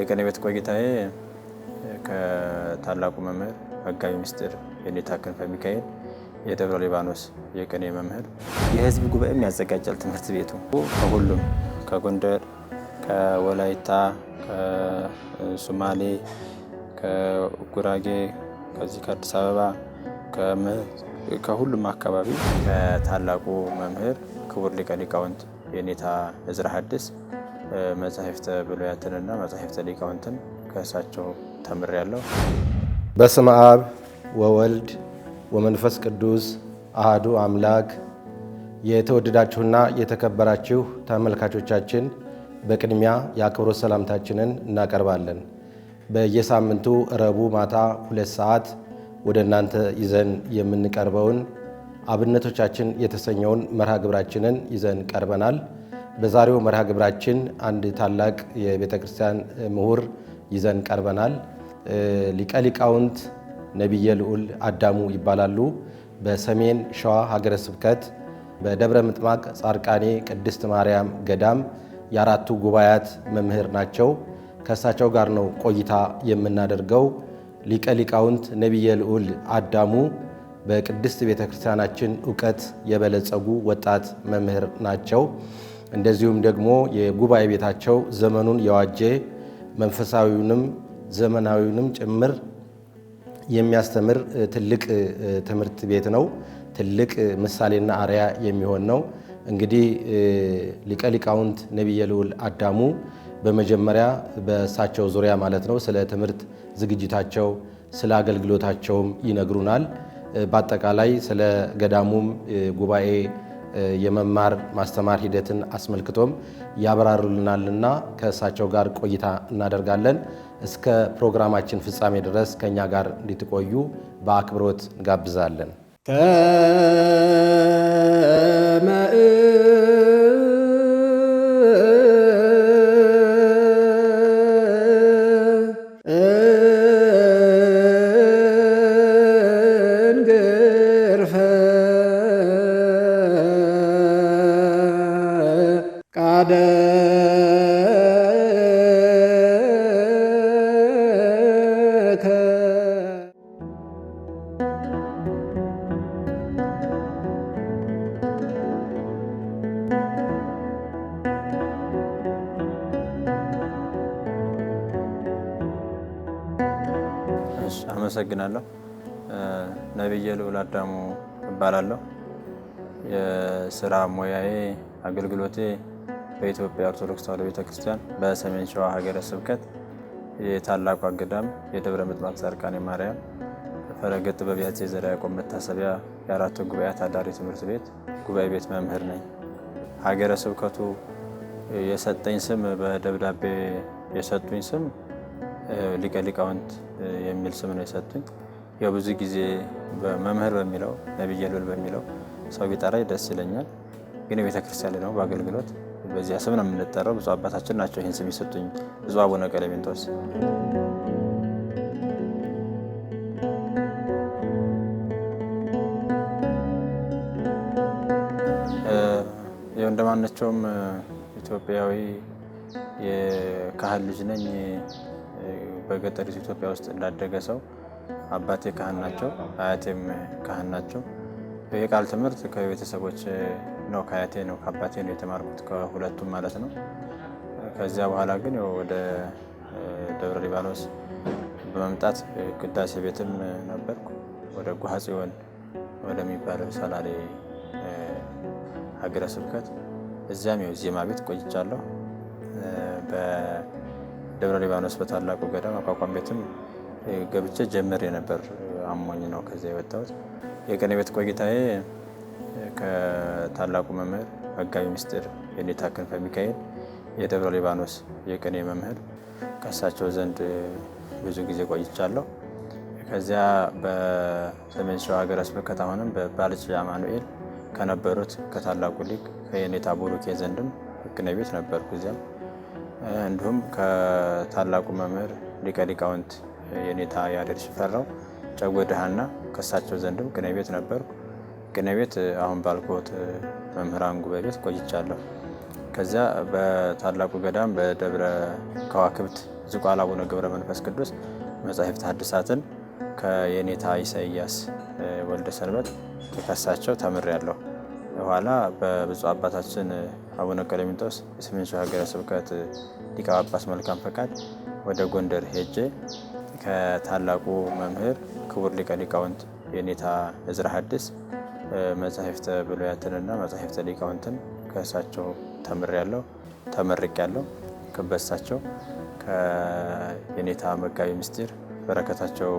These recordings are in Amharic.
የቀኔ ቤት ቆይታዬ ከታላቁ መምህር መጋቢ ምስጢር የኔታ ክንፈ ሚካኤል የደብረ ሊባኖስ የቀኔ መምህር የህዝብ ጉባኤም ያዘጋጃል። ትምህርት ቤቱ ከሁሉም ከጎንደር፣ ከወላይታ፣ ከሱማሌ፣ ከጉራጌ፣ ከዚህ ከአዲስ አበባ ከሁሉም አካባቢ ከታላቁ መምህር ክቡር ሊቀ ሊቃውንት የኔታ እዝራ ሀድስ። መጻሕፍተ ብሉያትንና መጻሕፍተ ሊቃውንትን ከእሳቸው ተምሬያለሁ። በስመ አብ ወወልድ ወመንፈስ ቅዱስ አህዱ አምላክ። የተወደዳችሁና የተከበራችሁ ተመልካቾቻችን በቅድሚያ የአክብሮት ሰላምታችንን እናቀርባለን። በየሳምንቱ ረቡዕ ማታ ሁለት ሰዓት ወደ እናንተ ይዘን የምንቀርበውን አብነቶቻችን የተሰኘውን መርሃ ግብራችንን ይዘን ቀርበናል። በዛሬው መርሃ ግብራችን አንድ ታላቅ የቤተ ክርስቲያን ምሁር ይዘን ቀርበናል። ሊቀ ሊቃውንት ነቢየ ልዑል አዳሙ ይባላሉ። በሰሜን ሸዋ ሀገረ ስብከት በደብረ ምጥማቅ ጻርቃኔ ቅድስት ማርያም ገዳም የአራቱ ጉባኤያት መምህር ናቸው። ከእሳቸው ጋር ነው ቆይታ የምናደርገው። ሊቀ ሊቃውንት ነቢየ ልዑል አዳሙ በቅድስት ቤተ ክርስቲያናችን እውቀት የበለጸጉ ወጣት መምህር ናቸው። እንደዚሁም ደግሞ የጉባኤ ቤታቸው ዘመኑን የዋጀ መንፈሳዊውንም ዘመናዊውንም ጭምር የሚያስተምር ትልቅ ትምህርት ቤት ነው። ትልቅ ምሳሌና አርያ የሚሆን ነው። እንግዲህ ሊቀ ሊቃውንት ነቢየ ልዑል አዳሙ በመጀመሪያ በእሳቸው ዙሪያ ማለት ነው ስለ ትምህርት ዝግጅታቸው ስለ አገልግሎታቸውም ይነግሩናል። በአጠቃላይ ስለ ገዳሙም ጉባኤ የመማር ማስተማር ሂደትን አስመልክቶም ያብራሩልናልና ከእሳቸው ጋር ቆይታ እናደርጋለን። እስከ ፕሮግራማችን ፍጻሜ ድረስ ከእኛ ጋር እንድትቆዩ በአክብሮት እንጋብዛለን። አመሰግናለሁ። ነብየ ልዑል አዳሙ እባላለሁ። የስራ ሙያዬ አገልግሎቴ በኢትዮጵያ ኦርቶዶክስ ተዋሕዶ ቤተክርስቲያን በሰሜን ሸዋ ሀገረ ስብከት የታላቋ ገዳም የደብረ ምጥማቅ ጻድቃኔ ማርያም ፈረገጥ ጥበብ ያፄ ያዕቆብ መታሰቢያ የአራቱ ጉባኤ አዳሪ ትምህርት ቤት ጉባኤ ቤት መምህር ነኝ። ሀገረ ስብከቱ የሰጠኝ ስም በደብዳቤ የሰጡኝ ስም ሊቀ ሊቃውንት የሚል ስም ነው የሰጡኝ። የብዙ ጊዜ በመምህር በሚለው ነቢየ ልዑል በሚለው ሰው ቢጠራኝ ደስ ይለኛል። ግን ቤተክርስቲያን ነው በአገልግሎት በዚያ ስም ነው የምንጠራው። ብፁዕ አባታችን ናቸው ይህን ስም የሰጡኝ፣ ብፁዕ አቡነ ቀለሜንቶስ እንደማናቸውም ኢትዮጵያዊ የካህን ልጅ ነኝ። በገጠሪቱ ኢትዮጵያ ውስጥ እንዳደገ ሰው አባቴ ካህን ናቸው፣ አያቴም ካህን ናቸው። የቃል ትምህርት ከቤተሰቦች ነው፣ ከአያቴ ነው፣ ከአባቴ ነው የተማርኩት፣ ከሁለቱም ማለት ነው። ከዚያ በኋላ ግን ወደ ደብረ ሊባኖስ በመምጣት ቅዳሴ ቤትም ነበርኩ። ወደ ጉሐጽዮን ወደሚባለው ሰላሌ ሀገረ ስብከት እዚያም ያው ዜማ ቤት ቆይቻለሁ። በደብረ ሊባኖስ በታላቁ ገዳም አቋቋም ቤትም ገብቼ ጀምሬ ነበር። አሞኝ ነው ከዚያ የወጣሁት። የቀን ቤት ቆይታዬ ከታላቁ መምህር መጋቢ ምስጢር የኔታ ክንፈ ሚካኤል የደብረ ሊባኖስ የቅኔ መምህር ከእሳቸው ዘንድ ብዙ ጊዜ ቆይቻለሁ። ከዚያ በሰሜን ሸዋ ሀገረ ስብከት አሁንም በባልጭ አማኑኤል ከነበሩት ከታላቁ ሊቅ የኔታ ቡሩኬ ዘንድም ህግነ ቤት ነበርኩ። እዚያም እንዲሁም ከታላቁ መምህር ሊቀ ሊቃውንት የኔታ ያሬድ ሽፈራው ጨጎድሃና ከሳቸው ዘንድም ቅኔ ቤት ነበርኩ። ቅኔ ቤት አሁን ባልኮት መምህራን ጉባኤ ቤት ቆይቻለሁ። ከዚያ በታላቁ ገዳም በደብረ ከዋክብት ዝቋላ አቡነ ገብረ መንፈስ ቅዱስ መጻሕፍት ሐዲሳትን ከየኔታ ኢሳያስ ወልደ ሰንበት የከሳቸው ተምሬያለሁ። በኋላ በብፁዕ አባታችን አቡነ ቀለሚንጦስ የሰሜን ሸዋ ሀገረ ስብከት ሊቀ ጳጳስ መልካም ፈቃድ ወደ ጎንደር ሄጄ ከታላቁ መምህር ክቡር ሊቀ ሊቃውንት የኔታ እዝራ ሐዲስ መጻሕፍተ ብሉያትንና መጽሐፍተ ሊቃውንትን ከእሳቸው ተምሬያለሁ፣ ተመርቄያለሁ። ክበሳቸው ከየኔታ መጋቢ ምስጢር በረከታቸው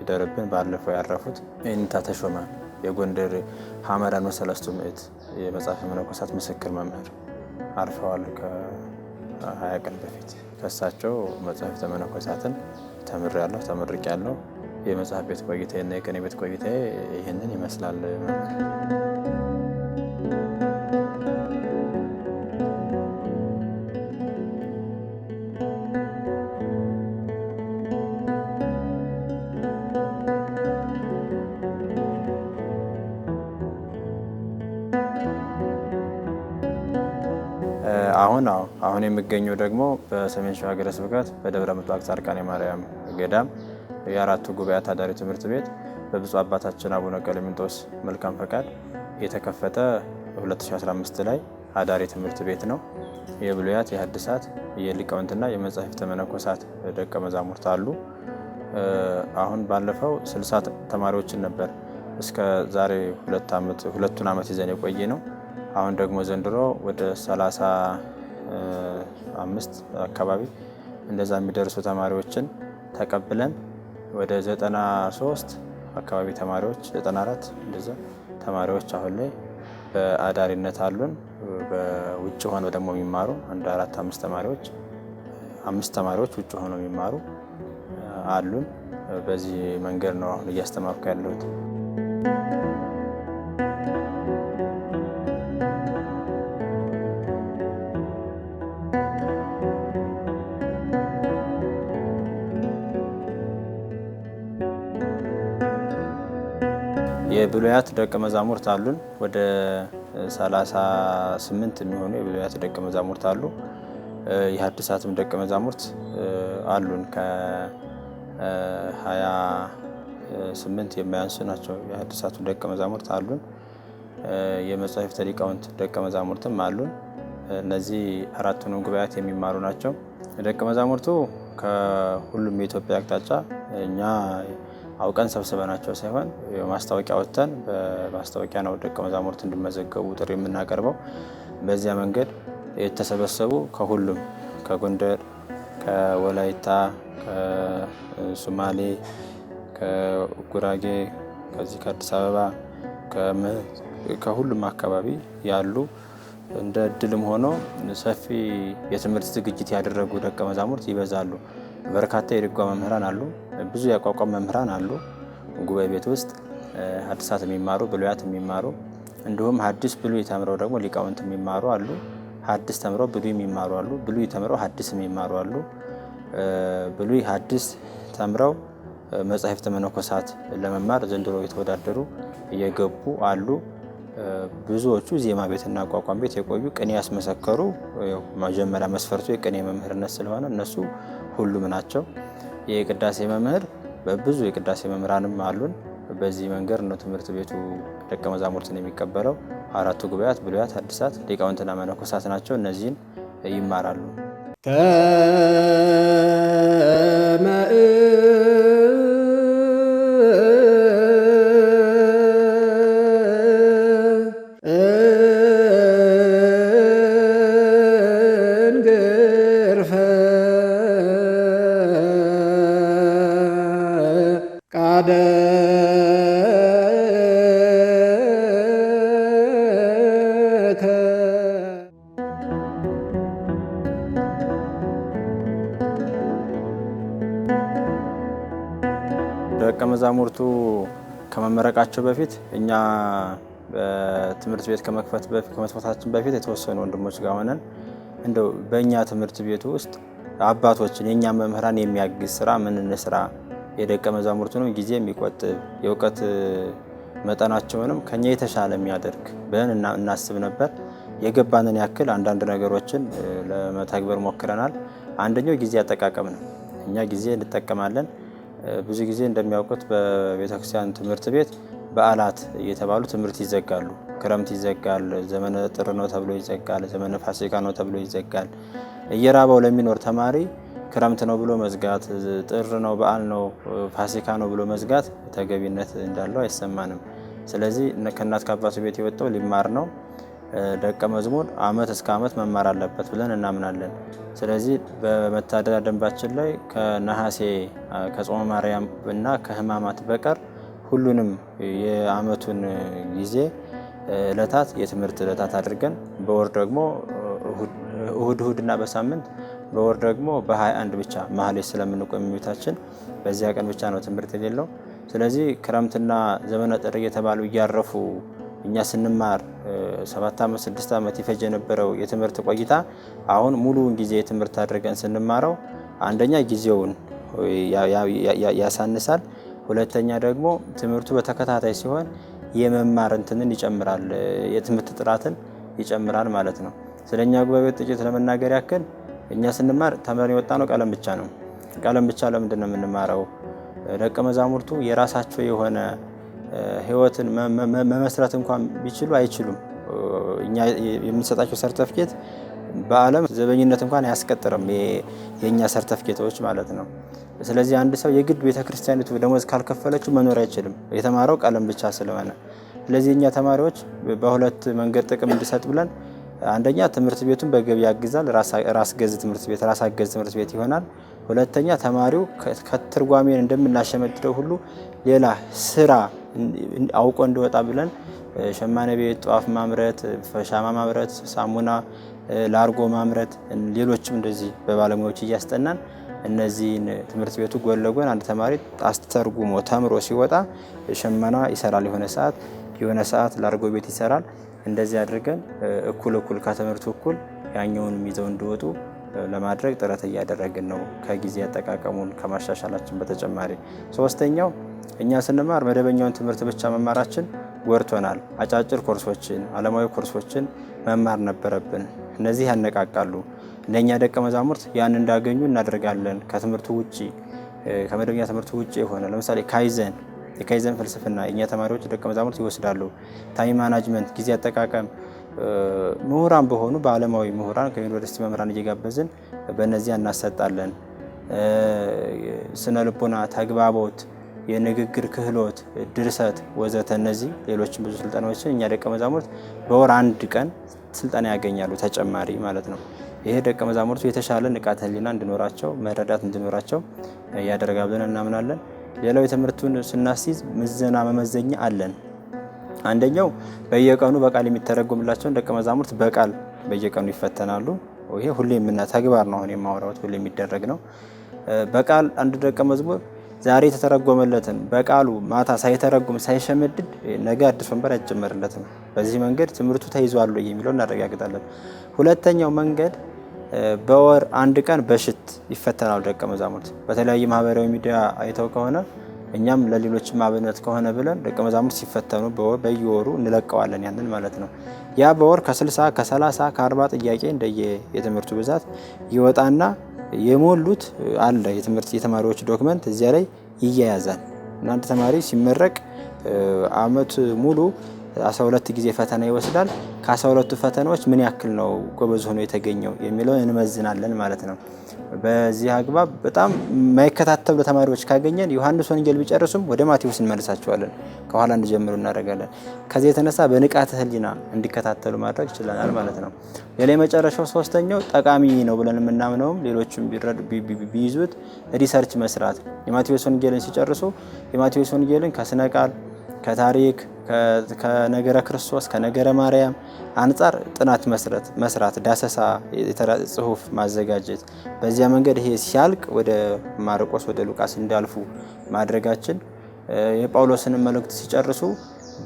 ይደርብን። ባለፈው ያረፉት የኔታ ተሾመ የጎንደር ሐመራን ወሰላስቱ ምእት የመጽሐፈ መነኮሳት ምስክር መምህር አርፈዋል። ከሀያ ቀን በፊት ከሳቸው መጽሐፍተ መነኮሳትን ተምሬያለሁ፣ ተመርቄያለሁ። የመጽሐፍ ቤት ቆይታዬና የቀን ቤት ቆይታዬ ይህንን ይመስላል። አሁን አዎ አሁን የሚገኘው ደግሞ በሰሜን ሸዋ ሀገረ ስብከት በደብረ ምጥዋቅ ጻድቃኔ ማርያም ገዳም የአራቱ ጉባኤ ታዳሪ ትምህርት ቤት በብፁዕ አባታችን አቡነ ቀለሚንጦስ መልካም ፈቃድ የተከፈተ 2015 ላይ አዳሪ ትምህርት ቤት ነው። የብሉያት የሐዲሳት የሊቃውንትና የመጻሕፍተ መነኮሳት ደቀ መዛሙርት አሉ። አሁን ባለፈው 60 ተማሪዎችን ነበር እስከ ዛሬ ሁለቱን ዓመት ይዘን የቆየ ነው። አሁን ደግሞ ዘንድሮ ወደ 35 አካባቢ እንደዛ የሚደርሱ ተማሪዎችን ተቀብለን ወደ 93 አካባቢ ተማሪዎች 94 እንደዛ ተማሪዎች አሁን ላይ በአዳሪነት አሉን። በውጭ ሆነው ደግሞ የሚማሩ አንድ አራት አምስት ተማሪዎች አምስት ተማሪዎች ውጭ ሆነው የሚማሩ አሉን። በዚህ መንገድ ነው አሁን እያስተማርኩ ያለሁት። የብሉያት ደቀ መዛሙርት አሉን። ወደ 38 የሚሆኑ የብሉያት ደቀ መዛሙርት አሉ። የሐዲሳትም ደቀ መዛሙርት አሉን። ከ28 የማያንሱ ናቸው። የሐዲሳቱ ደቀ መዛሙርት አሉን። የመጻሕፍተ ሊቃውንት ደቀ መዛሙርትም አሉን። እነዚህ አራቱንም ጉባኤያት የሚማሩ ናቸው። ደቀ መዛሙርቱ ከሁሉም የኢትዮጵያ አቅጣጫ እኛ አውቀን ሰብስበናቸው ሳይሆን ማስታወቂያ ወጥተን በማስታወቂያ ነው ደቀ መዛሙርት እንዲመዘገቡ ጥሪ የምናቀርበው። በዚያ መንገድ የተሰበሰቡ ከሁሉም ከጎንደር፣ ከወላይታ፣ ከሱማሌ፣ ከጉራጌ፣ ከዚህ ከአዲስ አበባ ከሁሉም አካባቢ ያሉ እንደ እድልም ሆኖ ሰፊ የትምህርት ዝግጅት ያደረጉ ደቀ መዛሙርት ይበዛሉ። በርካታ የድጓ መምህራን አሉ። ብዙ ያቋቋም መምህራን አሉ። ጉባኤ ቤት ውስጥ ሐዲሳት የሚማሩ ብሉያት የሚማሩ እንዲሁም ሐዲስ ብሉይ ተምረው ደግሞ ሊቃውንት የሚማሩ አሉ። ሐዲስ ተምረው ብሉይ የሚማሩ አሉ። ብሉይ ተምረው ሐዲስ የሚማሩ አሉ። ብሉይ ሐዲስ ተምረው መጻሕፍተ መነኮሳት ለመማር ዘንድሮ የተወዳደሩ እየገቡ አሉ። ብዙዎቹ ዜማ ቤትና አቋቋም ቤት የቆዩ ቅኔ ያስመሰከሩ መጀመሪያ መስፈርቱ የቅኔ መምህርነት ስለሆነ እነሱ ሁሉም ናቸው። የቅዳሴ መምህር በብዙ የቅዳሴ መምህራንም አሉን። በዚህ መንገድ ነው ትምህርት ቤቱ ደቀ መዛሙርትን የሚቀበለው። አራቱ ጉባኤያት ብሉያት፣ አዲሳት ሊቃውንትና መነኮሳት ናቸው። እነዚህን ይማራሉ። ከመክፈታቸው በፊት እኛ ትምህርት ቤት ከመክፈታችን በፊት የተወሰኑ ወንድሞች ጋር ሆነን እንደው በእኛ ትምህርት ቤቱ ውስጥ አባቶችን የእኛ መምህራን የሚያግዝ ስራ ምን እንስራ፣ የደቀ መዛሙርቱንም ጊዜ የሚቆጥብ የእውቀት መጠናቸውንም ከኛ የተሻለ የሚያደርግ ብለን እናስብ ነበር። የገባንን ያክል አንዳንድ ነገሮችን ለመተግበር ሞክረናል። አንደኛው ጊዜ አጠቃቀም ነው። እኛ ጊዜ እንጠቀማለን። ብዙ ጊዜ እንደሚያውቁት በቤተክርስቲያን ትምህርት ቤት በዓላት እየተባሉ ትምህርት ይዘጋሉ። ክረምት ይዘጋል፣ ዘመነ ጥር ነው ተብሎ ይዘጋል፣ ዘመነ ፋሲካ ነው ተብሎ ይዘጋል። እየራበው ለሚኖር ተማሪ ክረምት ነው ብሎ መዝጋት፣ ጥር ነው፣ በዓል ነው፣ ፋሲካ ነው ብሎ መዝጋት ተገቢነት እንዳለው አይሰማንም። ስለዚህ ከእናት ከአባቱ ቤት የወጣው ሊማር ነው ደቀ መዝሙር ዓመት እስከ ዓመት መማር አለበት ብለን እናምናለን። ስለዚህ በመታደሪያ ደንባችን ላይ ከነሐሴ ከጾመ ማርያም እና ከሕማማት በቀር ሁሉንም የአመቱን ጊዜ እለታት የትምህርት እለታት አድርገን በወር ደግሞ እሁድ እሁድ እና በሳምንት በወር ደግሞ በ21 ብቻ መሀሌት ስለምንቆይ እመቤታችን በዚያ ቀን ብቻ ነው ትምህርት የሌለው። ስለዚህ ክረምትና ዘመነ ጥር እየተባሉ እያረፉ እኛ ስንማር ሰባት ዓመት ስድስት ዓመት ይፈጅ የነበረው የትምህርት ቆይታ አሁን ሙሉውን ጊዜ የትምህርት አድርገን ስንማረው አንደኛ ጊዜውን ያሳንሳል። ሁለተኛ ደግሞ ትምህርቱ በተከታታይ ሲሆን የመማር እንትንን ይጨምራል፣ የትምህርት ጥራትን ይጨምራል ማለት ነው። ስለ እኛ ጉባኤ ጥቂት ለመናገር ያክል እኛ ስንማር ተምረን የወጣ ነው ቀለም ብቻ ነው። ቀለም ብቻ ለምንድን ነው የምንማረው? ደቀ መዛሙርቱ የራሳቸው የሆነ ህይወትን መመስረት እንኳን ቢችሉ አይችሉም። እኛ የምንሰጣቸው ሰርተፍኬት በዓለም ዘበኝነት እንኳን አያስቀጥርም የእኛ ሰርተፍኬቶች ማለት ነው። ስለዚህ አንድ ሰው የግድ ቤተክርስቲያኒቱ ደሞዝ ካልከፈለችው መኖር አይችልም። የተማረው ቀለም ብቻ ስለሆነ ስለዚህ እኛ ተማሪዎች በሁለት መንገድ ጥቅም እንዲሰጥ ብለን አንደኛ ትምህርት ቤቱን በገቢ ያግዛል። ራስ ገዝ ትምህርት ቤት ራስ አገዝ ትምህርት ቤት ይሆናል። ሁለተኛ ተማሪው ከትርጓሜን እንደምናሸመድደው ሁሉ ሌላ ስራ አውቆ እንዲወጣ ብለን ሸማኔ ቤት፣ ጧፍ ማምረት፣ ሻማ ማምረት፣ ሳሙና ለአርጎ ማምረት ሌሎችም እንደዚህ በባለሙያዎች እያስጠናን እነዚህን ትምህርት ቤቱ ጎን ለጎን አንድ ተማሪ አስተርጉሞ ተምሮ ሲወጣ ሽመና ይሰራል፣ የሆነ ሰዓት የሆነ ሰዓት ለአርጎ ቤት ይሰራል። እንደዚህ አድርገን እኩል እኩል ከትምህርቱ እኩል ያኛውንም ይዘው እንዲወጡ ለማድረግ ጥረት እያደረግን ነው። ከጊዜ አጠቃቀሙን ከማሻሻላችን በተጨማሪ ሶስተኛው እኛ ስንማር መደበኛውን ትምህርት ብቻ መማራችን ጎርቶናል። አጫጭር ኮርሶችን፣ አለማዊ ኮርሶችን መማር ነበረብን። እነዚህ ያነቃቃሉ። ለእኛ ደቀ መዛሙርት ያን እንዳገኙ እናደርጋለን። ከትምህርቱ ውጭ ከመደበኛ ትምህርቱ ውጭ የሆነ ለምሳሌ ካይዘን የካይዘን ፍልስፍና የእኛ ተማሪዎች ደቀ መዛሙርት ይወስዳሉ። ታይም ማናጅመንት፣ ጊዜ አጠቃቀም ምሁራን በሆኑ በአለማዊ ምሁራን ከዩኒቨርሲቲ መምህራን እየጋበዝን በእነዚያ እናሰጣለን። ስነ ልቦና፣ ተግባቦት የንግግር ክህሎት፣ ድርሰት ወዘተ እነዚህ ሌሎችን ብዙ ስልጠናዎችን እኛ ደቀ መዛሙርት በወር አንድ ቀን ስልጠና ያገኛሉ ተጨማሪ ማለት ነው። ይሄ ደቀ መዛሙርቱ የተሻለ ንቃተ ህሊና እንዲኖራቸው መረዳት እንዲኖራቸው ያደርጋል ብለን እናምናለን። ሌላው የትምህርቱን ስናስይዝ ምዘና መመዘኛ አለን። አንደኛው በየቀኑ በቃል የሚተረጎምላቸውን ደቀ መዛሙርት በቃል በየቀኑ ይፈተናሉ። ይሄ ሁሌ የምና ተግባር ነው አሁን የማወራሁት ሁሌ የሚደረግ ነው። በቃል አንድ ደቀ መዝሙር ዛሬ የተተረጎመለትን በቃሉ ማታ ሳይተረጉም ሳይሸመድድ ነገ አዲስ ወንበር አይጀመርለትም። በዚህ መንገድ ትምህርቱ ተይዟል የሚለው እናረጋግጣለን። ሁለተኛው መንገድ በወር አንድ ቀን በሽት ይፈተናሉ ደቀ መዛሙርት። በተለያዩ ማህበራዊ ሚዲያ አይተው ከሆነ እኛም ለሌሎች አብነት ከሆነ ብለን ደቀ መዛሙርት ሲፈተኑ በየወሩ እንለቀዋለን ያንን ማለት ነው። ያ በወር ከ60 ከ30 ከ40 ጥያቄ እንደየ የትምህርቱ ብዛት ይወጣና የሞሉት አለ የትምህርት የተማሪዎች ዶክመንት እዚያ ላይ ይያያዛል። እናንተ ተማሪ ሲመረቅ አመት ሙሉ 12 ጊዜ ፈተና ይወስዳል። ከ12ቱ ፈተናዎች ምን ያክል ነው ጎበዝ ሆኖ የተገኘው የሚለውን እንመዝናለን ማለት ነው። በዚህ አግባብ በጣም የማይከታተሉ ተማሪዎች ካገኘን ዮሐንስ ወንጌል ቢጨርሱም ወደ ማቴዎስ እንመልሳቸዋለን፣ ከኋላ እንዲጀምሩ እናደርጋለን። ከዚህ የተነሳ በንቃተ ህሊና እንዲከታተሉ ማድረግ ይችለናል ማለት ነው። ሌላ የመጨረሻው ሶስተኛው ጠቃሚ ነው ብለን የምናምነውም ሌሎችም ቢይዙት ሪሰርች መስራት የማቴዎስ ወንጌልን ሲጨርሱ የማቴዎስ ወንጌልን ከስነ ቃል ከታሪክ ከነገረ ክርስቶስ ከነገረ ማርያም አንጻር ጥናት መስረት መስራት ዳሰሳ ጽሁፍ ማዘጋጀት በዚያ መንገድ ይሄ ሲያልቅ ወደ ማርቆስ ወደ ሉቃስ እንዳልፉ ማድረጋችን የጳውሎስን መልእክት ሲጨርሱ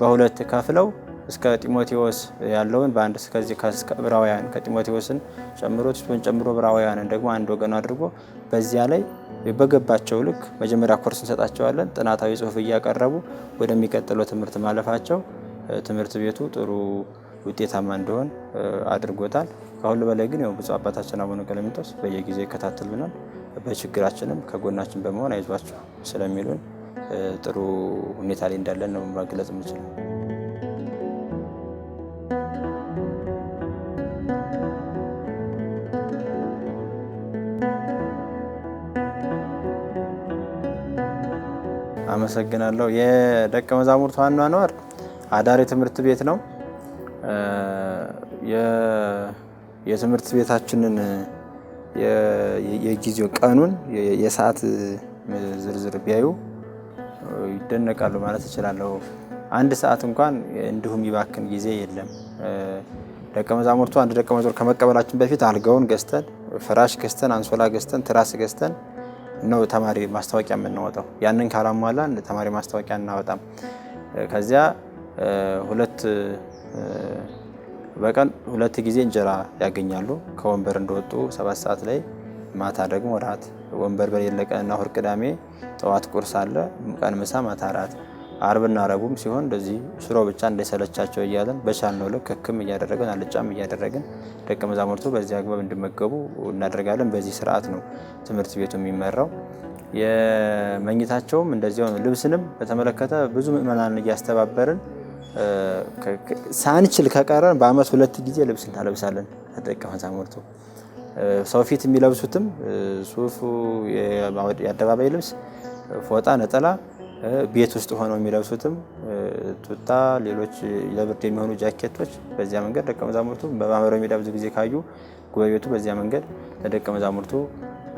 በሁለት ከፍለው እስከ ጢሞቴዎስ ያለውን በአንድ እስከዚህ ዕብራውያን ከጢሞቴዎስን ጨምሮ ጨምሮ ዕብራውያንን ደግሞ አንድ ወገን አድርጎ በዚያ ላይ በገባቸው ልክ መጀመሪያ ኮርስ እንሰጣቸዋለን። ጥናታዊ ጽሁፍ እያቀረቡ ወደሚቀጥለው ትምህርት ማለፋቸው ትምህርት ቤቱ ጥሩ ውጤታማ እንደሆን አድርጎታል። ከሁሉ በላይ ግን ብፁዕ አባታችን አቡነ ቀለሚጦስ በየጊዜ ይከታተሉናል፣ በችግራችንም ከጎናችን በመሆን አይዟቸው ስለሚሉን ጥሩ ሁኔታ ላይ እንዳለን ነው መግለጽ የምችለው። አመሰግናለሁ። የደቀ መዛሙርት አኗኗር አዳሪ ትምህርት ቤት ነው። የትምህርት ቤታችንን የጊዜው ቀኑን የሰዓት ዝርዝር ቢያዩ ይደነቃሉ ማለት እችላለሁ። አንድ ሰዓት እንኳን እንዲሁም ይባክን ጊዜ የለም። ደቀ መዛሙርቱ አንድ ደቀ መዝሙር ከመቀበላችን በፊት አልጋውን ገዝተን፣ ፍራሽ ገዝተን፣ አንሶላ ገዝተን፣ ትራስ ገዝተን ነው ተማሪ ማስታወቂያ የምናወጣው። ያንን ካላሟላን ተማሪ ማስታወቂያ እናወጣም። ከዚያ ሁለት በቀን ሁለት ጊዜ እንጀራ ያገኛሉ ከወንበር እንደወጡ ሰባት ሰዓት ላይ ማታ ደግሞ እራት። ወንበር በሌለ ቀንና እሁድ ቅዳሜ ጠዋት ቁርስ አለ፣ ቀን ምሳ፣ ማታ እራት አርብና ረቡም ሲሆን እንደዚህ ሽሮ ብቻ እንዳይሰለቻቸው እያለን በቻልነው ልክ ህክም እያደረግን አልጫም እያደረግን ደቀ መዛሙርቱ በዚህ አግባብ እንዲመገቡ እናደርጋለን። በዚህ ስርዓት ነው ትምህርት ቤቱ የሚመራው። የመኝታቸውም እንደዚያው ነው። ልብስንም በተመለከተ ብዙ ምእመናን እያስተባበርን ሳንችል ከቀረን በአመት ሁለት ጊዜ ልብስ እናለብሳለን። ደቀ መዛሙርቱ ሰው ፊት የሚለብሱትም ሱፉ፣ የአደባባይ ልብስ፣ ፎጣ፣ ነጠላ ቤት ውስጥ ሆነው የሚለብሱትም ቱታ፣ ሌሎች ለብርድ የሚሆኑ ጃኬቶች በዚያ መንገድ ደቀ መዛሙርቱ በማህበራዊ ሚዲያ ብዙ ጊዜ ካዩ ጉባኤቱ በዚያ መንገድ ለደቀ መዛሙርቱ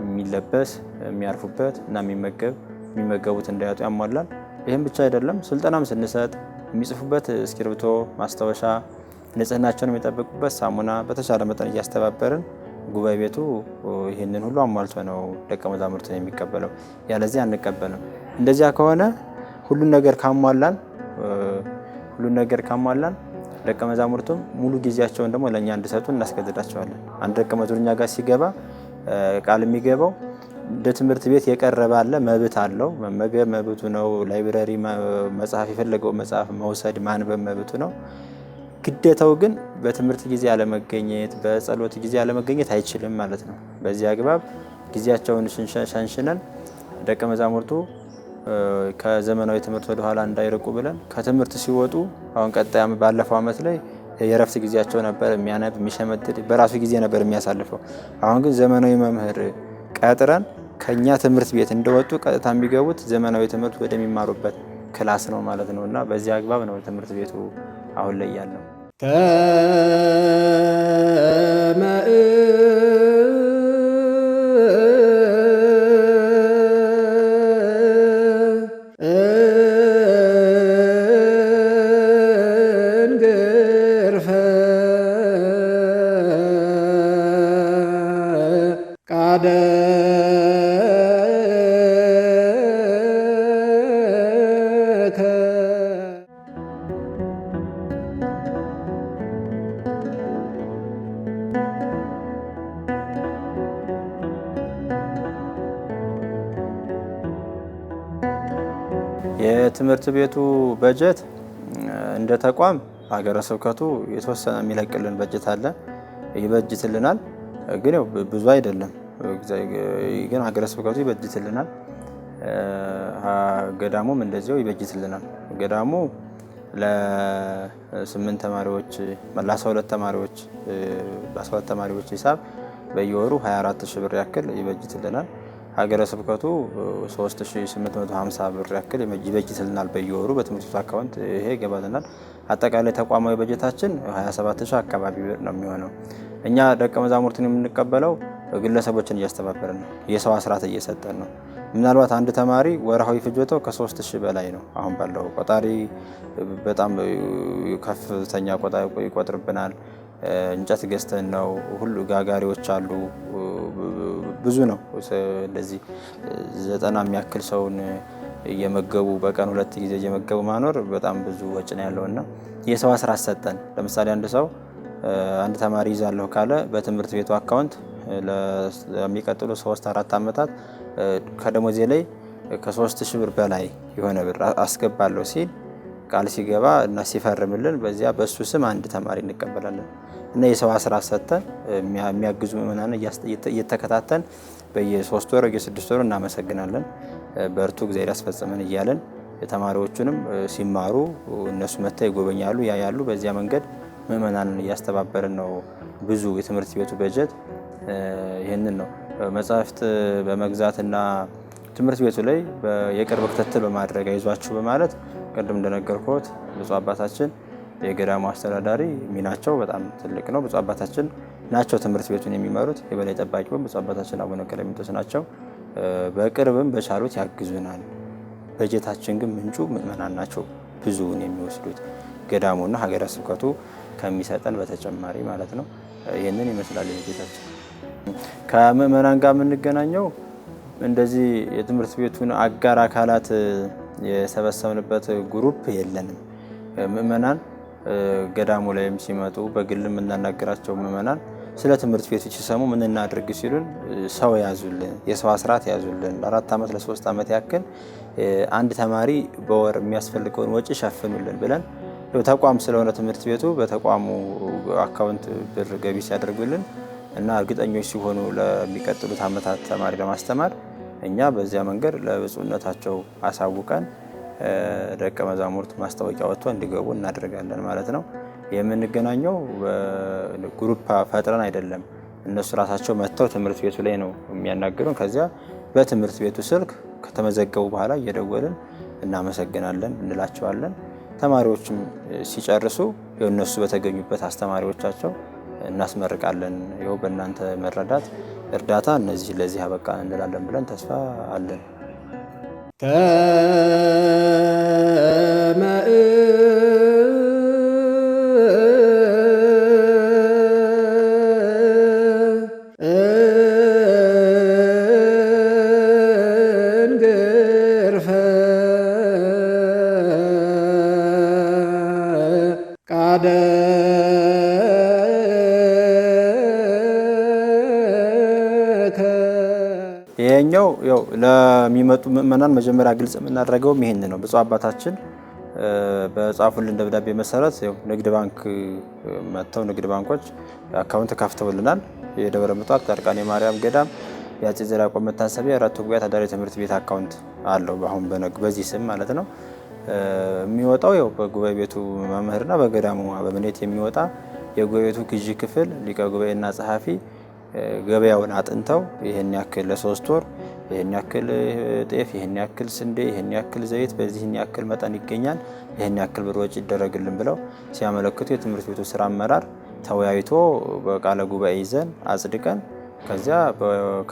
የሚለበስ የሚያርፉበት እና የሚመገብ የሚመገቡት እንዳያጡ ያሟላል። ይህም ብቻ አይደለም፣ ስልጠናም ስንሰጥ የሚጽፉበት እስክሪብቶ፣ ማስታወሻ፣ ንጽህናቸውን የሚጠብቁበት ሳሙና በተቻለ መጠን እያስተባበርን ጉባኤ ቤቱ ይህንን ሁሉ አሟልቶ ነው ደቀ መዛሙርትን የሚቀበለው። ያለዚህ አንቀበልም። እንደዚያ ከሆነ ሁሉን ነገር ካሟላን ሁሉን ነገር ካሟላን ደቀ መዛሙርቱም ሙሉ ጊዜያቸውን ደግሞ ለእኛ እንድሰጡ እናስገድዳቸዋለን። አንድ ደቀ መዝሙር እኛ ጋር ሲገባ ቃል የሚገባው እንደ ትምህርት ቤት የቀረበ አለ መብት አለው። መመገብ መብቱ ነው። ላይብረሪ መጽሐፍ የፈለገው መጽሐፍ መውሰድ ማንበብ መብቱ ነው። ግዴታው ግን በትምህርት ጊዜ አለመገኘት፣ በጸሎት ጊዜ አለመገኘት አይችልም ማለት ነው። በዚህ አግባብ ጊዜያቸውን ሸንሽነን ደቀ መዛሙርቱ ከዘመናዊ ትምህርት ወደ ኋላ እንዳይርቁ ብለን ከትምህርት ሲወጡ አሁን ቀጣይ ባለፈው ዓመት ላይ የእረፍት ጊዜያቸው ነበር የሚያነብ የሚሸመድድ በራሱ ጊዜ ነበር የሚያሳልፈው። አሁን ግን ዘመናዊ መምህር ቀጥረን ከእኛ ትምህርት ቤት እንደወጡ ቀጥታ የሚገቡት ዘመናዊ ትምህርት ወደሚማሩበት ክላስ ነው ማለት ነው እና በዚህ አግባብ ነው ትምህርት ቤቱ አሁን ላይ ያለው። የትምህርት ቤቱ በጀት እንደ ተቋም ሀገረ ስብከቱ የተወሰነ የሚለቅልን በጀት አለ፣ ይበጅትልናል። ግን ብዙ አይደለም፣ ግን ሀገረ ስብከቱ ይበጅትልናል። ገዳሙም እንደዚያው ይበጅትልናል። ገዳሙ ለስምንት ተማሪዎች ለአስራ ሁለት ተማሪዎች በአስራ ሁለት ተማሪዎች ሂሳብ በየወሩ 24 ሺህ ብር ያክል ይበጅትልናል። ሀገረ ስብከቱ 3850 ብር ያክል ይበጅትልናል በየወሩ በትምህርት ቤቱ አካውንት ይሄ ይገባልናል። አጠቃላይ ተቋማዊ በጀታችን 27 ሺህ አካባቢ ብር ነው የሚሆነው። እኛ ደቀ መዛሙርትን የምንቀበለው ግለሰቦችን እያስተባበርን ነው፣ የሰው አስራት እየሰጠን ነው። ምናልባት አንድ ተማሪ ወርሃዊ ፍጆታው ከ3000 በላይ ነው። አሁን ባለው ቆጣሪ በጣም ከፍተኛ ቆጣ ይቆጥርብናል። እንጨት ገዝተን ነው ሁሉ ጋጋሪዎች አሉ ብዙ ነው። እንደዚህ ዘጠና የሚያክል ሰውን እየመገቡ በቀን ሁለት ጊዜ እየመገቡ ማኖር በጣም ብዙ ወጭ ነው ያለው እና የሰው አስራ ሰጠን። ለምሳሌ አንድ ሰው አንድ ተማሪ ይዛለሁ ካለ በትምህርት ቤቱ አካውንት ለሚቀጥሉ ሶስት አራት ዓመታት ከደሞዜ ላይ ከሶስት ሺህ ብር በላይ የሆነ ብር አስገባለሁ ሲል ቃል ሲገባ እና ሲፈርምልን በዚያ በእሱ ስም አንድ ተማሪ እንቀበላለን። እና የሰባ ስራ ሰጥተን የሚያግዙ ምእመናን እየተከታተል በየሶስት ወር የስድስት ወር እናመሰግናለን። በርቱ እግዚአብሔር ያስፈጽመን እያለን ተማሪዎቹንም ሲማሩ እነሱ መታ ይጎበኛሉ ያያሉ። በዚያ መንገድ ምእመናንን እያስተባበርን ነው። ብዙ የትምህርት ቤቱ በጀት ይህንን ነው መጽሐፍት በመግዛትና ትምህርት ቤቱ ላይ የቅርብ ክትትል በማድረግ አይዟችሁ በማለት ቅድም እንደነገርኩት ብፁዕ አባታችን የገዳሙ አስተዳዳሪ ሚናቸው በጣም ትልቅ ነው። ብፁዕ አባታችን ናቸው ትምህርት ቤቱን የሚመሩት። የበላይ ጠባቂውም ብፁዕ አባታችን አቡነ ቀለሚጦስ ናቸው። በቅርብም በቻሉት ያግዙናል። በጀታችን ግን ምንጩ ምዕመናን ናቸው ብዙውን የሚወስዱት ገዳሙና ሀገረ ስብከቱ ከሚሰጠን በተጨማሪ ማለት ነው። ይህንን ይመስላል የበጀታችን። ከምእመናን ጋር የምንገናኘው እንደዚህ የትምህርት ቤቱን አጋር አካላት የሰበሰብንበት ግሩፕ የለንም ምእመናን ገዳሙ ላይም ሲመጡ በግል የምናናገራቸው ምዕመናን ስለ ትምህርት ቤቶች ሲሰሙ ምን እናድርግ ሲሉን ሰው ያዙልን፣ የሰው አስራት ያዙልን። ለአራት ዓመት ለሶስት ዓመት ያክል አንድ ተማሪ በወር የሚያስፈልገውን ወጪ ሸፍኑልን ብለን ተቋም ስለሆነ ትምህርት ቤቱ በተቋሙ አካውንት ብር ገቢ ሲያደርጉልን እና እርግጠኞች ሲሆኑ ለሚቀጥሉት ዓመታት ተማሪ ለማስተማር እኛ በዚያ መንገድ ለብፁዕነታቸው አሳውቀን ደቀ መዛሙርት ማስታወቂያ ወጥቶ እንዲገቡ እናደርጋለን ማለት ነው። የምንገናኘው ግሩፕ ፈጥረን አይደለም። እነሱ ራሳቸው መጥተው ትምህርት ቤቱ ላይ ነው የሚያናግሩን። ከዚያ በትምህርት ቤቱ ስልክ ከተመዘገቡ በኋላ እየደወልን እናመሰግናለን እንላቸዋለን። ተማሪዎችም ሲጨርሱ እነሱ በተገኙበት አስተማሪዎቻቸው እናስመርቃለን። ይኸው በእናንተ መረዳት እርዳታ እነዚህ ለዚህ አበቃ እንላለን ብለን ተስፋ አለን። تامئ قد አንደኛው ያው ለሚመጡ ምእመናን መጀመሪያ ግልጽ የምናደርገውም ይሄን ነው። ብፁዕ አባታችን በጻፉልን ደብዳቤ መሰረት ንግድ ባንክ መጥተው ንግድ ባንኮች አካውንት ከፍተውልናል። የደብረ ምጣድ ጻድቃኔ ማርያም ገዳም የአፄ ዘርዓያዕቆብ መታሰቢያ አራቱ ጉባኤ ታዳሪ ትምህርት ቤት አካውንት አለው። በነግ በዚህ ስም ማለት ነው የሚወጣው ያው በጉባኤ ቤቱ መምህርና በገዳሙ አበምኔት የሚወጣ የጉባኤ ቤቱ ግዢ ክፍል ሊቀ ጉባኤና ጸሐፊ ገበያውን አጥንተው ይህን ያክል ለሶስት ወር ይህን ያክል ጤፍ፣ ይህን ያክል ስንዴ፣ ይህን ያክል ዘይት በዚህን ያክል መጠን ይገኛል፣ ይህን ያክል ብር ወጪ ይደረግልን ብለው ሲያመለክቱ የትምህርት ቤቱ ስራ አመራር ተወያይቶ በቃለ ጉባኤ ይዘን አጽድቀን ከዚያ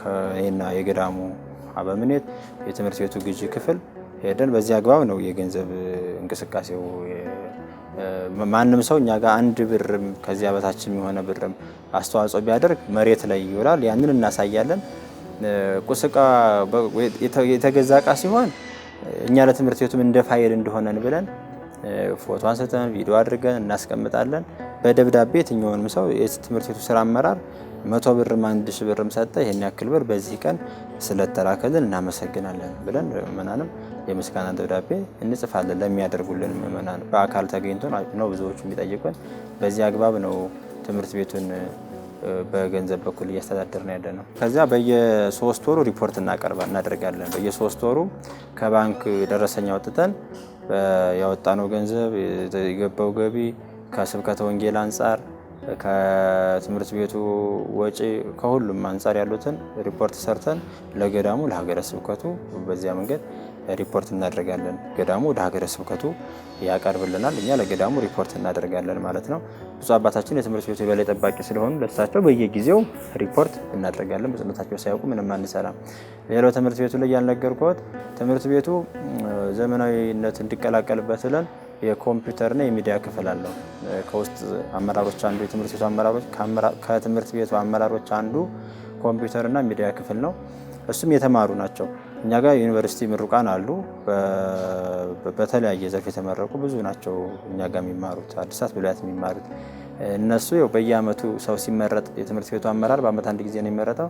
ከእኔና የገዳሙ አበምኔት የትምህርት ቤቱ ግዢ ክፍል ሄደን በዚህ አግባብ ነው የገንዘብ እንቅስቃሴው ማንም ሰው እኛ ጋር አንድ ብርም ከዚያ በታች የሆነ ብርም አስተዋጽኦ ቢያደርግ መሬት ላይ ይውላል። ያንን እናሳያለን። ቁስ የተገዛ እቃ ሲሆን እኛ ለትምህርት ቤቱም እንደ ፋይል እንደሆነን ብለን ፎቶ አንስተን ቪዲዮ አድርገን እናስቀምጣለን። በደብዳቤ የትኛውንም ሰው የትምህርት ቤቱ ስራ አመራር መቶ ብርም አንድ ሺህ ብርም ሰጠ ይህን ያክል ብር በዚህ ቀን ስለተላከልን እናመሰግናለን ብለን ምናንም የምስጋና ደብዳቤ እንጽፋለን ለሚያደርጉልን ምእመናን። በአካል ተገኝቶ ነው ብዙዎቹ የሚጠይቁን። በዚህ አግባብ ነው ትምህርት ቤቱን በገንዘብ በኩል እያስተዳደርን ያለ ነው። ከዚያ በየሶስት ወሩ ሪፖርት እናቀርባል እናደርጋለን። በየሶስት ወሩ ከባንክ ደረሰኛ አውጥተን ያወጣነው ገንዘብ፣ የገባው ገቢ ከስብከተ ወንጌል አንጻር ከትምህርት ቤቱ ወጪ ከሁሉም አንጻር ያሉትን ሪፖርት ሰርተን ለገዳሙ ለሀገረ ስብከቱ በዚያ መንገድ ሪፖርት እናደርጋለን። ገዳሙ ወደ ሀገረ ስብከቱ ያቀርብልናል፣ እኛ ለገዳሙ ሪፖርት እናደርጋለን ማለት ነው። ብዙ አባታችን የትምህርት ቤቱ የበላይ ጠባቂ ስለሆኑ ለእሳቸው በየጊዜው ሪፖርት እናደርጋለን። በጽነታቸው ሳያውቁ ምንም አንሰራም። ሌላው ትምህርት ቤቱ ላይ ያልነገርኩት ትምህርት ቤቱ ዘመናዊነት እንዲቀላቀልበት ብለን የኮምፒውተርና የሚዲያ ክፍል አለው። ከውስጥ አመራሮች አንዱ የትምህርት ቤቱ አመራሮች ከትምህርት ቤቱ አመራሮች አንዱ ኮምፒውተርና ሚዲያ ክፍል ነው። እሱም የተማሩ ናቸው። እኛ ጋር ዩኒቨርሲቲ ምሩቃን አሉ። በተለያየ ዘርፍ የተመረቁ ብዙ ናቸው። እኛ ጋር የሚማሩት አዲሳት ብሉያት የሚማሩት እነሱ ው በየአመቱ ሰው ሲመረጥ የትምህርት ቤቱ አመራር በአመት አንድ ጊዜ ነው የሚመረጠው።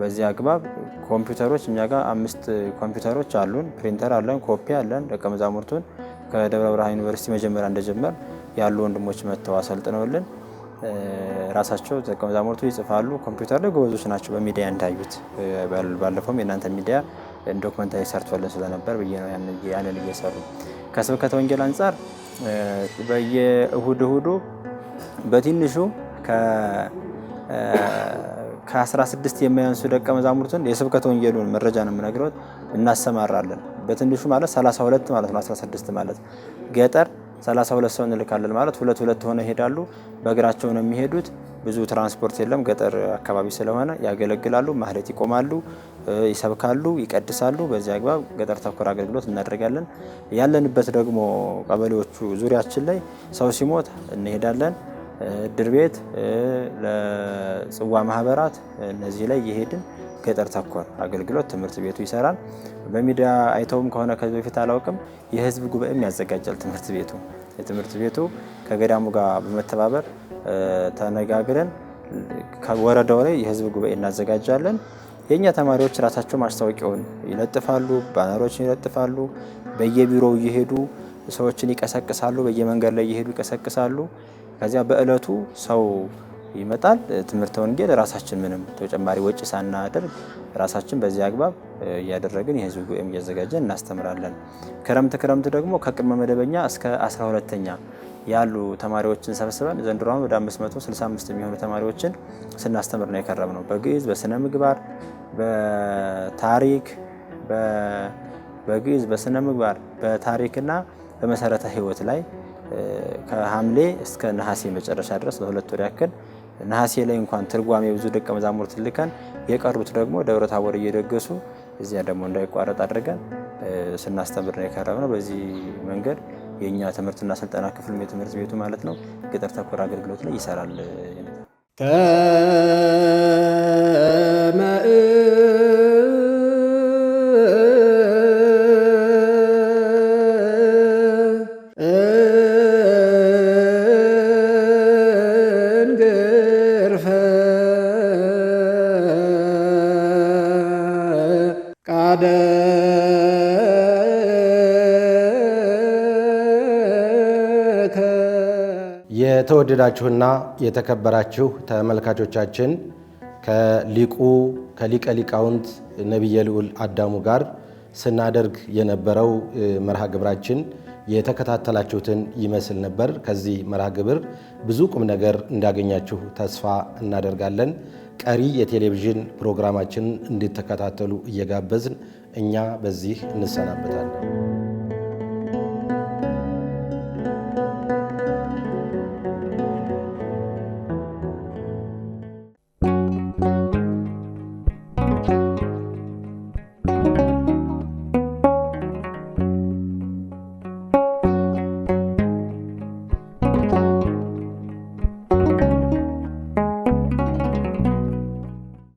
በዚህ አግባብ ኮምፒውተሮች እኛ ጋር አምስት ኮምፒውተሮች አሉን፣ ፕሪንተር አለን፣ ኮፒ አለን። ደቀ መዛሙርቱን ከደብረ ብርሃን ዩኒቨርሲቲ መጀመሪያ እንደጀመር ያሉ ወንድሞች መጥተው አሰልጥነውልን ራሳቸው ደቀ መዛሙርቱ ይጽፋሉ፣ ኮምፒውተር ላይ ጎበዞች ናቸው። በሚዲያ እንዳዩት ባለፈውም የእናንተ ሚዲያ ዶክመንታሪ ሰርቶልን ስለነበር ብዬ ነው ያንን እየሰሩ ከስብከተ ወንጌል አንጻር በየእሁድ እሁዱ በትንሹ ከ16 የሚያንሱ ደቀ መዛሙርትን የስብከተ ወንጌሉን መረጃ ነው የምነግረው እናሰማራለን። በትንሹ ማለት 32 ማለት ነው 16 ማለት ገጠር 32 ሰው እንልካለን ማለት ሁለት ሁለት ሆነ ይሄዳሉ። በእግራቸው ነው የሚሄዱት። ብዙ ትራንስፖርት የለም ገጠር አካባቢ ስለሆነ ያገለግላሉ። ማህሌት ይቆማሉ፣ ይሰብካሉ፣ ይቀድሳሉ። በዚህ አግባብ ገጠር ተኮር አገልግሎት እናደርጋለን። ያለንበት ደግሞ ቀበሌዎቹ ዙሪያችን ላይ ሰው ሲሞት እንሄዳለን። እድር ቤት፣ ለጽዋ ማህበራት እነዚህ ላይ እየሄድን ገጠር ተኮር አገልግሎት ትምህርት ቤቱ ይሰራል። በሚዲያ አይተውም ከሆነ ከዚህ በፊት አላውቅም፣ የህዝብ ጉባኤም ያዘጋጃል ትምህርት ቤቱ። የትምህርት ቤቱ ከገዳሙ ጋር በመተባበር ተነጋግረን ከወረዳው ላይ የህዝብ ጉባኤ እናዘጋጃለን። የእኛ ተማሪዎች ራሳቸው ማስታወቂያውን ይለጥፋሉ፣ ባነሮችን ይለጥፋሉ፣ በየቢሮው እየሄዱ ሰዎችን ይቀሰቅሳሉ፣ በየመንገድ ላይ እየሄዱ ይቀሰቅሳሉ። ከዚያ በእለቱ ሰው ይመጣል። ትምህርተ ወንጌል ራሳችን ምንም ተጨማሪ ወጪ ሳናደርግ ራሳችን በዚህ አግባብ እያደረግን የህዝብ ጉባኤም እያዘጋጀን እናስተምራለን። ክረምት ክረምት ደግሞ ከቅድመ መደበኛ እስከ 12ተኛ ያሉ ተማሪዎችን ሰብስበን ዘንድሮ ወደ 565 የሚሆኑ ተማሪዎችን ስናስተምር ነው የከረም ነው። በግዕዝ በስነ ምግባር፣ በታሪክ በግዕዝ በስነ ምግባር፣ በታሪክና በመሰረተ ህይወት ላይ ከሐምሌ እስከ ነሐሴ መጨረሻ ድረስ ለሁለት ወር ያክል ነሐሴ ላይ እንኳን ትርጓሜ ብዙ ደቀ መዛሙርት ልከን የቀሩት ደግሞ ደብረ ታቦር እየደገሱ እዚያ ደግሞ እንዳይቋረጥ አድርገን ስናስተምር ነው ነው። በዚህ መንገድ የእኛ ትምህርትና ስልጠና ክፍል የትምህርት ቤቱ ማለት ነው ገጠር ተኮር አገልግሎት ላይ ይሰራል። የተወደዳችሁና የተከበራችሁ ተመልካቾቻችን ከሊቁ ከሊቀ ሊቃውንት ነቢየ ልዑል አዳሙ ጋር ስናደርግ የነበረው መርሃ ግብራችን የተከታተላችሁትን ይመስል ነበር። ከዚህ መርሃ ግብር ብዙ ቁም ነገር እንዳገኛችሁ ተስፋ እናደርጋለን። ቀሪ የቴሌቪዥን ፕሮግራማችንን እንድትከታተሉ እየጋበዝን እኛ በዚህ እንሰናበታለን።